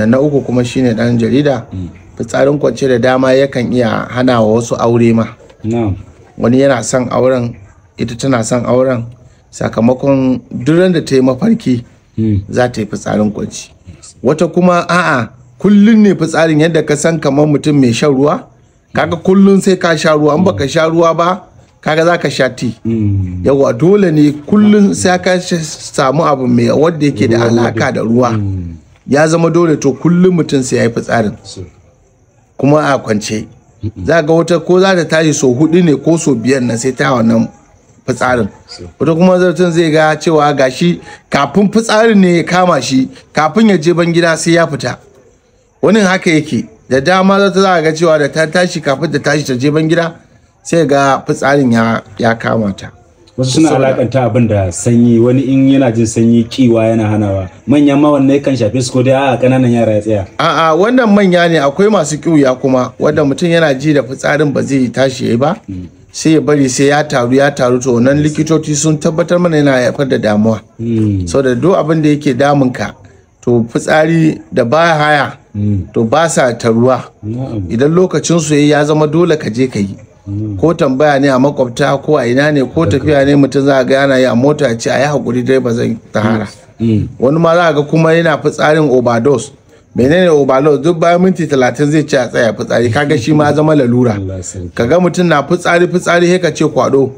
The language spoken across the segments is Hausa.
na na uku kuma shine dan jarida mm. fitsarin kwance da dama yakan iya hana wa wasu aure ma wani yana son auren ita tana son auren sakamakon duran da ta yi mafarki mm. za ta yi fitsarin kwanci wata kuma a'a kullun ne fitsarin yadda ka san kamar mutum mai shan ruwa kaga kullun sai ka sha ruwa an baka sha ruwa ba kaga za ka sha ti mm. yawa dole ne kullun sai ka samu abu mai wadda yake da alaka da ruwa ya zama dole to kullum mutum sai ya yi fitsarin kuma a kwance za ga wata ko za ta tashi so hudu ne ko so biyar na sai ta wannan fitsarin wata kuma zartun zai ga cewa gashi kafin fitsarin ne ya kama shi kafin ya je bangida sai ya fita wani haka yake da dama zata za ga cewa da ta tashi kafin ta tashi ta je bangida gida sai ga fitsarin ya kama ta wasu suna alakanta abin da sanyi wani in yana jin sanyi kiwa yana hanawa manyan ma wannan kan shafe su ko dai a'a kananan yara ya tsaya a'a wannan manya ne akwai masu kiwuya kuma wanda mutum yana ji da fitsarin ba zai tashi yayi ba mm. sai ya bari sai ya taru ya taru to nan likitoci sun tabbatar mana yana haifar da damuwa mm. da duk abin da yake damun ka to fitsari da ba haya mm. to ba sa taruwa idan lokacin su ya zama dole ka je ka yi ko tambaya ne a makwabta ko a ina ne ko tafiya ne mutum za a ga yana yi a mota ce a yi hakuri dai ba zan tahara mm. Mm. wani ma za a ga kuma yana fitsarin obados menene overload duk bayan minti talatin zai ci a tsaya fitsari kaga shi ma zama lalura kaga mutum na fitsari fitsari sai ka ce kwado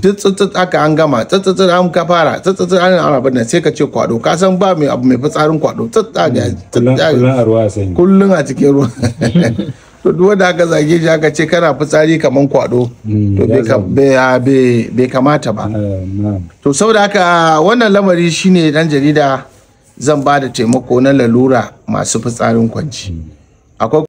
tsitsitsit aka an gama tsitsitsit an ka fara tsitsitsit an ana abin sai ka ce kwado ka san ba mai abu mai fitsarin kwado tsitsitsit kullun a cikin ruwa to duk wanda aka zage shi aka ce kana fitsari kamar kwado hmm, to ah, bai kamata ba eh, to saboda haka wannan lamari shine dan jarida zan ba da taimako na lalura masu fitsarin kwanci hmm. akwai